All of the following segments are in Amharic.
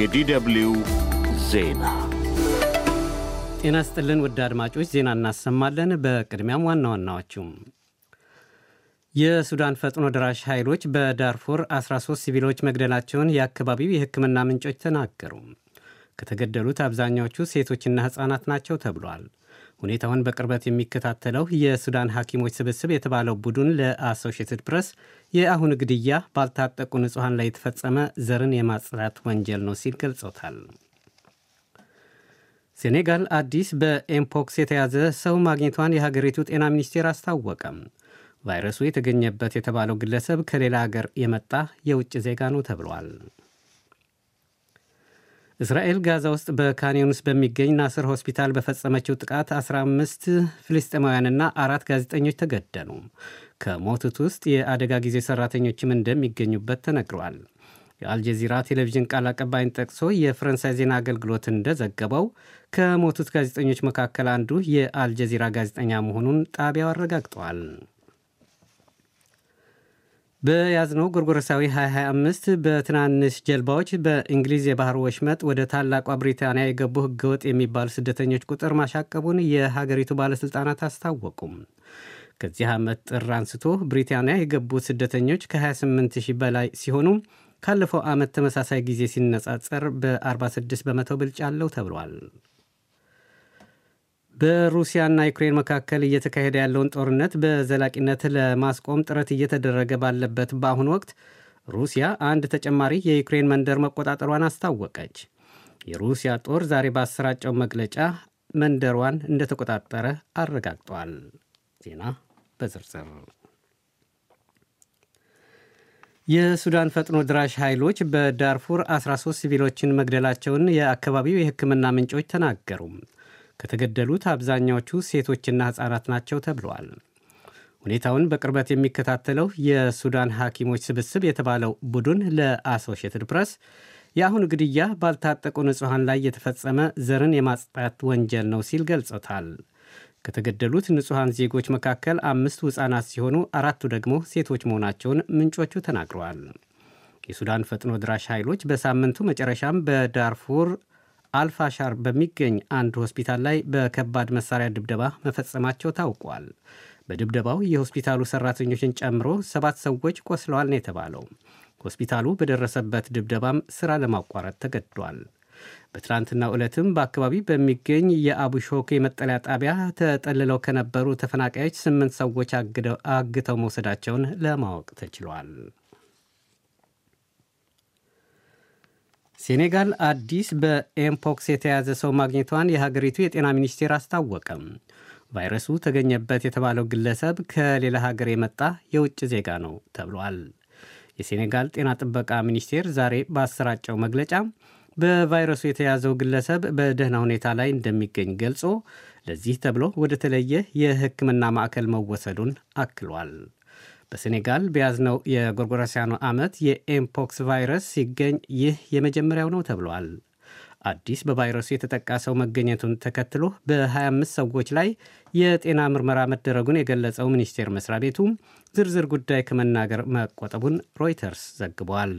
የዲደብልዩ ዜና ጤና ስጥልን ውድ አድማጮች ዜና እናሰማለን። በቅድሚያም ዋና ዋናዎቹም የሱዳን ፈጥኖ ደራሽ ኃይሎች በዳርፉር 13 ሲቪሎች መግደላቸውን የአካባቢው የህክምና ምንጮች ተናገሩ። ከተገደሉት አብዛኛዎቹ ሴቶችና ሕፃናት ናቸው ተብሏል። ሁኔታውን በቅርበት የሚከታተለው የሱዳን ሐኪሞች ስብስብ የተባለው ቡድን ለአሶሽትድ ፕሬስ የአሁን ግድያ ባልታጠቁ ንጹሐን ላይ የተፈጸመ ዘርን የማጽዳት ወንጀል ነው ሲል ገልጾታል። ሴኔጋል አዲስ በኤምፖክስ የተያዘ ሰው ማግኘቷን የሀገሪቱ ጤና ሚኒስቴር አስታወቀም። ቫይረሱ የተገኘበት የተባለው ግለሰብ ከሌላ አገር የመጣ የውጭ ዜጋ ነው ተብሏል። እስራኤል ጋዛ ውስጥ በካንዮንስ በሚገኝ ናስር ሆስፒታል በፈጸመችው ጥቃት 15 ፍልስጤማውያንና አራት ጋዜጠኞች ተገደሉ። ከሞቱት ውስጥ የአደጋ ጊዜ ሰራተኞችም እንደሚገኙበት ተነግረዋል። የአልጀዚራ ቴሌቪዥን ቃል አቀባይን ጠቅሶ የፈረንሳይ ዜና አገልግሎት እንደዘገበው ከሞቱት ጋዜጠኞች መካከል አንዱ የአልጀዚራ ጋዜጠኛ መሆኑን ጣቢያው አረጋግጠዋል። በያዝነው ጎርጎረሳዊ 2025 በትናንሽ ጀልባዎች በእንግሊዝ የባህር ወሽመጥ ወደ ታላቋ ብሪታንያ የገቡ ህገወጥ የሚባሉ ስደተኞች ቁጥር ማሻቀቡን የሀገሪቱ ባለሥልጣናት አስታወቁም። ከዚህ ዓመት ጥር አንስቶ ብሪታንያ የገቡት ስደተኞች ከ28 ሺህ በላይ ሲሆኑ ካለፈው ዓመት ተመሳሳይ ጊዜ ሲነጻጸር በ46 በመቶ ብልጫ አለው ተብሏል። በሩሲያና ዩክሬን መካከል እየተካሄደ ያለውን ጦርነት በዘላቂነት ለማስቆም ጥረት እየተደረገ ባለበት በአሁኑ ወቅት ሩሲያ አንድ ተጨማሪ የዩክሬን መንደር መቆጣጠሯን አስታወቀች። የሩሲያ ጦር ዛሬ ባሰራጨው መግለጫ መንደሯን እንደተቆጣጠረ አረጋግጧል። ዜና በዝርዝር የሱዳን ፈጥኖ ድራሽ ኃይሎች በዳርፉር 13 ሲቪሎችን መግደላቸውን የአካባቢው የሕክምና ምንጮች ተናገሩ። ከተገደሉት አብዛኛዎቹ ሴቶችና ሕፃናት ናቸው ተብለዋል። ሁኔታውን በቅርበት የሚከታተለው የሱዳን ሐኪሞች ስብስብ የተባለው ቡድን ለአሶሺየትድ ፕሬስ የአሁኑ ግድያ ባልታጠቁ ንጹሐን ላይ የተፈጸመ ዘርን የማጽጣት ወንጀል ነው ሲል ገልጾታል። ከተገደሉት ንጹሐን ዜጎች መካከል አምስቱ ሕፃናት ሲሆኑ አራቱ ደግሞ ሴቶች መሆናቸውን ምንጮቹ ተናግረዋል። የሱዳን ፈጥኖ ድራሽ ኃይሎች በሳምንቱ መጨረሻም በዳርፉር አልፋሻር በሚገኝ አንድ ሆስፒታል ላይ በከባድ መሳሪያ ድብደባ መፈጸማቸው ታውቋል። በድብደባው የሆስፒታሉ ሰራተኞችን ጨምሮ ሰባት ሰዎች ቆስለዋል ነው የተባለው። ሆስፒታሉ በደረሰበት ድብደባም ሥራ ለማቋረጥ ተገድዷል። በትናንትናው ዕለትም በአካባቢ በሚገኝ የአቡሾክ የመጠለያ ጣቢያ ተጠልለው ከነበሩ ተፈናቃዮች ስምንት ሰዎች አግተው መውሰዳቸውን ለማወቅ ተችሏል። ሴኔጋል አዲስ በኤምፖክስ የተያዘ ሰው ማግኘቷን የሀገሪቱ የጤና ሚኒስቴር አስታወቀም። ቫይረሱ ተገኘበት የተባለው ግለሰብ ከሌላ ሀገር የመጣ የውጭ ዜጋ ነው ተብሏል። የሴኔጋል ጤና ጥበቃ ሚኒስቴር ዛሬ ባሰራጨው መግለጫ በቫይረሱ የተያዘው ግለሰብ በደህና ሁኔታ ላይ እንደሚገኝ ገልጾ ለዚህ ተብሎ ወደ ተለየ የሕክምና ማዕከል መወሰዱን አክሏል። በሴኔጋል በያዝነው የጎርጎሮሳውያኑ ዓመት የኤምፖክስ ቫይረስ ሲገኝ ይህ የመጀመሪያው ነው ተብሏል። አዲስ በቫይረሱ የተጠቃ ሰው መገኘቱን ተከትሎ በ25 ሰዎች ላይ የጤና ምርመራ መደረጉን የገለጸው ሚኒስቴር መስሪያ ቤቱ ዝርዝር ጉዳይ ከመናገር መቆጠቡን ሮይተርስ ዘግቧል።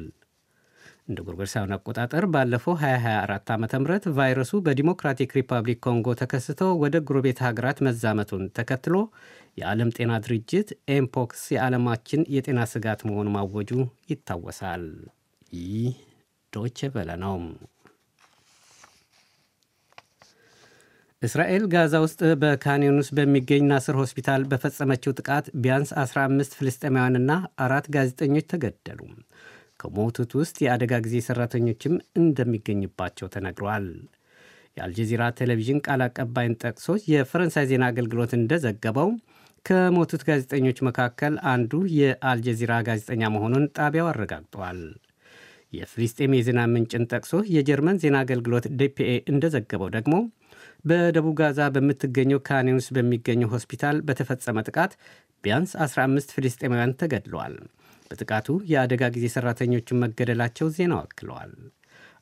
እንደ ጎርጎሮሳውያን አቆጣጠር ባለፈው 2024 ዓ ም ቫይረሱ በዲሞክራቲክ ሪፐብሊክ ኮንጎ ተከስቶ ወደ ጎረቤት ሀገራት መዛመቱን ተከትሎ የዓለም ጤና ድርጅት ኤምፖክስ የዓለማችን የጤና ስጋት መሆኑ ማወጁ ይታወሳል። ይህ ዶይቼ ቬለ ነው። እስራኤል ጋዛ ውስጥ በካኔኑስ በሚገኝ ናስር ሆስፒታል በፈጸመችው ጥቃት ቢያንስ 15 ፍልስጤማውያንና አራት ጋዜጠኞች ተገደሉ። ከሞቱት ውስጥ የአደጋ ጊዜ ሠራተኞችም እንደሚገኝባቸው ተነግሯል። የአልጀዚራ ቴሌቪዥን ቃል አቀባይን ጠቅሶ የፈረንሳይ ዜና አገልግሎት እንደዘገበው ከሞቱት ጋዜጠኞች መካከል አንዱ የአልጀዚራ ጋዜጠኛ መሆኑን ጣቢያው አረጋግጧል። የፍልስጤም የዜና ምንጭን ጠቅሶ የጀርመን ዜና አገልግሎት ዴፒኤ እንደዘገበው ደግሞ በደቡብ ጋዛ በምትገኘው ካኔውስ በሚገኘው ሆስፒታል በተፈጸመ ጥቃት ቢያንስ 15 ፍልስጤማውያን ተገድለዋል። በጥቃቱ የአደጋ ጊዜ ሠራተኞችን መገደላቸው ዜናው አክለዋል።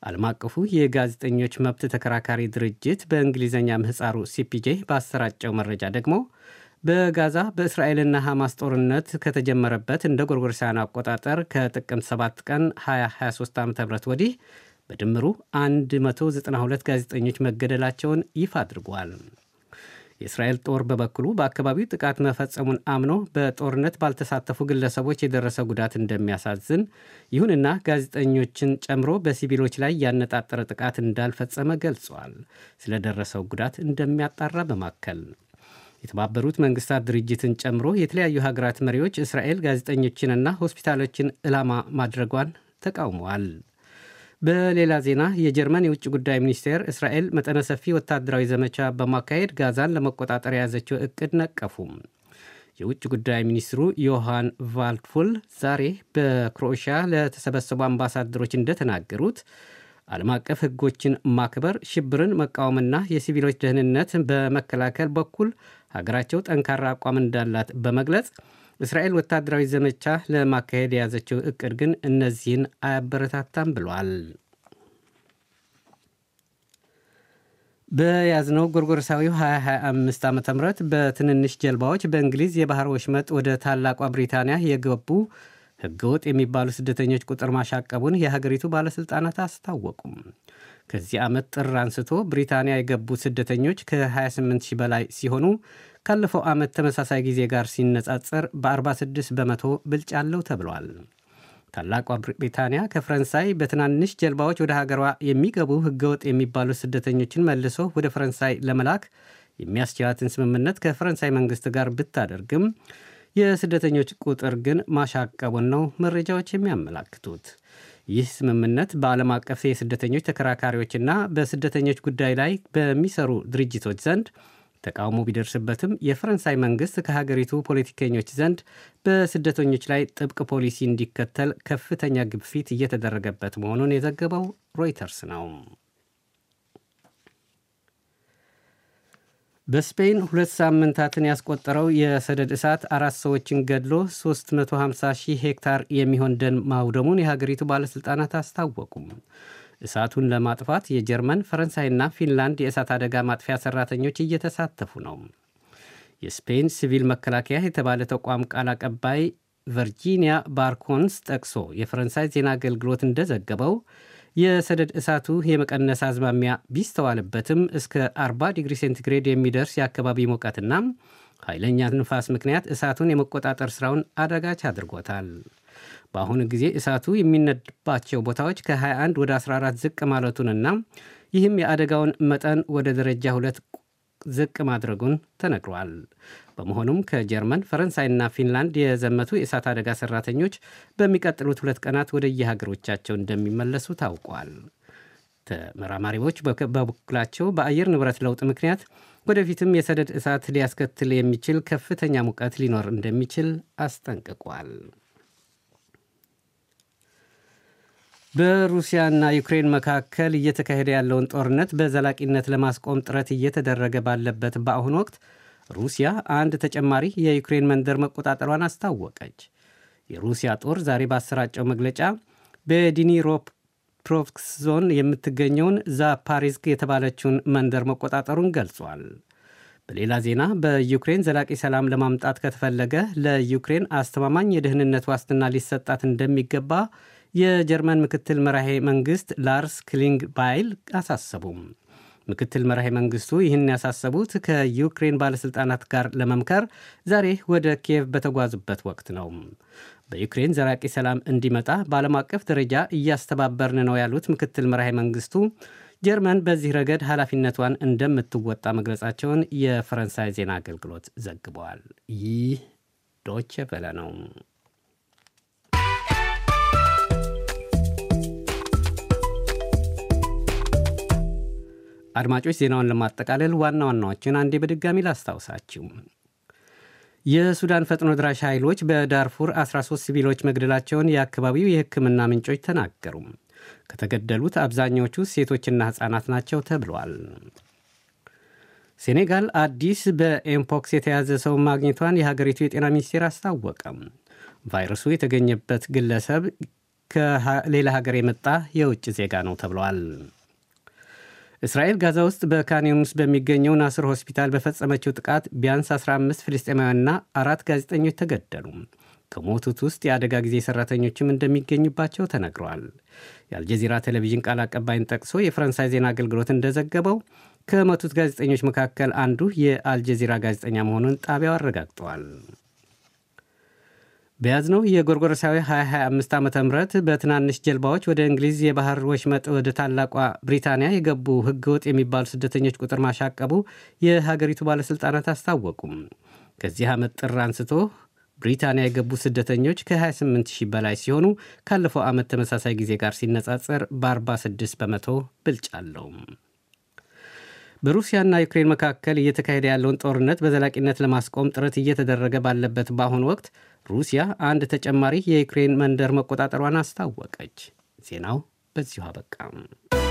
ዓለም አቀፉ የጋዜጠኞች መብት ተከራካሪ ድርጅት በእንግሊዝኛ ምህፃሩ ሲፒጄ ባሰራጨው መረጃ ደግሞ በጋዛ በእስራኤልና ሐማስ ጦርነት ከተጀመረበት እንደ ጎርጎርሳያን አቆጣጠር ከጥቅምት 7 ቀን 2023 ዓ ም ወዲህ በድምሩ 192 ጋዜጠኞች መገደላቸውን ይፋ አድርጓል። የእስራኤል ጦር በበኩሉ በአካባቢው ጥቃት መፈጸሙን አምኖ በጦርነት ባልተሳተፉ ግለሰቦች የደረሰ ጉዳት እንደሚያሳዝን፣ ይሁንና ጋዜጠኞችን ጨምሮ በሲቪሎች ላይ ያነጣጠረ ጥቃት እንዳልፈጸመ ገልጿል። ስለደረሰው ጉዳት እንደሚያጣራ በማከል የተባበሩት መንግስታት ድርጅትን ጨምሮ የተለያዩ ሀገራት መሪዎች እስራኤል ጋዜጠኞችንና ሆስፒታሎችን ዕላማ ማድረጓን ተቃውመዋል። በሌላ ዜና የጀርመን የውጭ ጉዳይ ሚኒስቴር እስራኤል መጠነ ሰፊ ወታደራዊ ዘመቻ በማካሄድ ጋዛን ለመቆጣጠር የያዘችው እቅድ ነቀፉም። የውጭ ጉዳይ ሚኒስትሩ ዮሐን ቫልድፉል ዛሬ በክሮኤሽያ ለተሰበሰቡ አምባሳደሮች እንደተናገሩት ዓለም አቀፍ ሕጎችን ማክበር፣ ሽብርን መቃወምና የሲቪሎች ደህንነት በመከላከል በኩል ሀገራቸው ጠንካራ አቋም እንዳላት በመግለጽ እስራኤል ወታደራዊ ዘመቻ ለማካሄድ የያዘችው እቅድ ግን እነዚህን አያበረታታም ብሏል። በያዝነው ጎርጎርሳዊው 2025 ዓ ም በትንንሽ ጀልባዎች በእንግሊዝ የባህር ወሽመጥ ወደ ታላቋ ብሪታንያ የገቡ ህገወጥ የሚባሉ ስደተኞች ቁጥር ማሻቀቡን የሀገሪቱ ባለሥልጣናት አስታወቁም። ከዚህ ዓመት ጥር አንስቶ ብሪታንያ የገቡ ስደተኞች ከ28 ሺህ በላይ ሲሆኑ ካለፈው ዓመት ተመሳሳይ ጊዜ ጋር ሲነጻጸር በ46 በመቶ ብልጫ አለው ተብሏል። ታላቋ ብሪታንያ ከፈረንሳይ በትናንሽ ጀልባዎች ወደ ሀገሯ የሚገቡ ህገወጥ የሚባሉ ስደተኞችን መልሶ ወደ ፈረንሳይ ለመላክ የሚያስችላትን ስምምነት ከፈረንሳይ መንግስት ጋር ብታደርግም የስደተኞች ቁጥር ግን ማሻቀቡን ነው መረጃዎች የሚያመላክቱት። ይህ ስምምነት በዓለም አቀፍ የስደተኞች ተከራካሪዎችና በስደተኞች ጉዳይ ላይ በሚሰሩ ድርጅቶች ዘንድ ተቃውሞ ቢደርስበትም የፈረንሳይ መንግስት ከሀገሪቱ ፖለቲከኞች ዘንድ በስደተኞች ላይ ጥብቅ ፖሊሲ እንዲከተል ከፍተኛ ግፊት እየተደረገበት መሆኑን የዘገበው ሮይተርስ ነው። በስፔን ሁለት ሳምንታትን ያስቆጠረው የሰደድ እሳት አራት ሰዎችን ገድሎ 350 ሺህ ሄክታር የሚሆን ደን ማውደሙን የሀገሪቱ ባለሥልጣናት አስታወቁም። እሳቱን ለማጥፋት የጀርመን ፈረንሳይና ፊንላንድ የእሳት አደጋ ማጥፊያ ሰራተኞች እየተሳተፉ ነው። የስፔን ሲቪል መከላከያ የተባለ ተቋም ቃል አቀባይ ቨርጂኒያ ባርኮንስ ጠቅሶ የፈረንሳይ ዜና አገልግሎት እንደዘገበው የሰደድ እሳቱ የመቀነስ አዝማሚያ ቢስተዋልበትም እስከ 40 ዲግሪ ሴንቲግሬድ የሚደርስ የአካባቢ ሙቀትና ኃይለኛ ንፋስ ምክንያት እሳቱን የመቆጣጠር ሥራውን አዳጋች አድርጎታል። በአሁኑ ጊዜ እሳቱ የሚነድባቸው ቦታዎች ከ21 ወደ 14 ዝቅ ማለቱንና ይህም የአደጋውን መጠን ወደ ደረጃ ሁለት ዝቅ ማድረጉን ተነግሯል። በመሆኑም ከጀርመን ፈረንሳይና ፊንላንድ የዘመቱ የእሳት አደጋ ሰራተኞች በሚቀጥሉት ሁለት ቀናት ወደ የሀገሮቻቸው እንደሚመለሱ ታውቋል። ተመራማሪዎች በበኩላቸው በአየር ንብረት ለውጥ ምክንያት ወደፊትም የሰደድ እሳት ሊያስከትል የሚችል ከፍተኛ ሙቀት ሊኖር እንደሚችል አስጠንቅቋል። በሩሲያና ዩክሬን መካከል እየተካሄደ ያለውን ጦርነት በዘላቂነት ለማስቆም ጥረት እየተደረገ ባለበት በአሁኑ ወቅት ሩሲያ አንድ ተጨማሪ የዩክሬን መንደር መቆጣጠሯን አስታወቀች። የሩሲያ ጦር ዛሬ ባሰራጨው መግለጫ በዲኒፕሮፕሮቭስክ ዞን የምትገኘውን ዛፓሪዝክ የተባለችውን መንደር መቆጣጠሩን ገልጿል። በሌላ ዜና በዩክሬን ዘላቂ ሰላም ለማምጣት ከተፈለገ ለዩክሬን አስተማማኝ የደህንነት ዋስትና ሊሰጣት እንደሚገባ የጀርመን ምክትል መራሄ መንግስት ላርስ ክሊንግ ባይል አሳሰቡም። ምክትል መራሄ መንግስቱ ይህን ያሳሰቡት ከዩክሬን ባለሥልጣናት ጋር ለመምከር ዛሬ ወደ ኪየቭ በተጓዙበት ወቅት ነው። በዩክሬን ዘራቂ ሰላም እንዲመጣ በዓለም አቀፍ ደረጃ እያስተባበርን ነው ያሉት ምክትል መራሄ መንግስቱ ጀርመን በዚህ ረገድ ኃላፊነቷን እንደምትወጣ መግለጻቸውን የፈረንሳይ ዜና አገልግሎት ዘግበዋል። ይህ ዶቼ ቬለ ነው። አድማጮች ዜናውን ለማጠቃለል ዋና ዋናዎችን አንዴ በድጋሚ ላስታውሳችሁ። የሱዳን ፈጥኖ ድራሽ ኃይሎች በዳርፉር 13 ሲቪሎች መግደላቸውን የአካባቢው የህክምና ምንጮች ተናገሩ። ከተገደሉት አብዛኛዎቹ ሴቶችና ሕፃናት ናቸው ተብሏል። ሴኔጋል አዲስ በኤምፖክስ የተያዘ ሰው ማግኘቷን የሀገሪቱ የጤና ሚኒስቴር አስታወቀም። ቫይረሱ የተገኘበት ግለሰብ ከሌላ ሀገር የመጣ የውጭ ዜጋ ነው ተብሏል። እስራኤል ጋዛ ውስጥ በካን ዩኒስ በሚገኘው ናስር ሆስፒታል በፈጸመችው ጥቃት ቢያንስ 15 ፍልስጤማውያንና አራት ጋዜጠኞች ተገደሉ። ከሞቱት ውስጥ የአደጋ ጊዜ ሰራተኞችም እንደሚገኙባቸው ተነግረዋል። የአልጀዚራ ቴሌቪዥን ቃል አቀባይን ጠቅሶ የፈረንሳይ ዜና አገልግሎት እንደዘገበው ከመቱት ጋዜጠኞች መካከል አንዱ የአልጀዚራ ጋዜጠኛ መሆኑን ጣቢያው አረጋግጠዋል። በያዝነው የጎርጎረሳዊ 2025 ዓ ም በትናንሽ ጀልባዎች ወደ እንግሊዝ የባህር ወሽመጥ ወደ ታላቋ ብሪታንያ የገቡ ህገወጥ የሚባሉ ስደተኞች ቁጥር ማሻቀቡ የሀገሪቱ ባለሥልጣናት አስታወቁም። ከዚህ ዓመት ጥር አንስቶ ብሪታንያ የገቡ ስደተኞች ከ28000 በላይ ሲሆኑ ካለፈው ዓመት ተመሳሳይ ጊዜ ጋር ሲነጻጸር በ46 በመቶ ብልጫ አለው። በሩሲያና ዩክሬን መካከል እየተካሄደ ያለውን ጦርነት በዘላቂነት ለማስቆም ጥረት እየተደረገ ባለበት በአሁኑ ወቅት ሩሲያ አንድ ተጨማሪ የዩክሬን መንደር መቆጣጠሯን አስታወቀች። ዜናው በዚሁ አበቃም።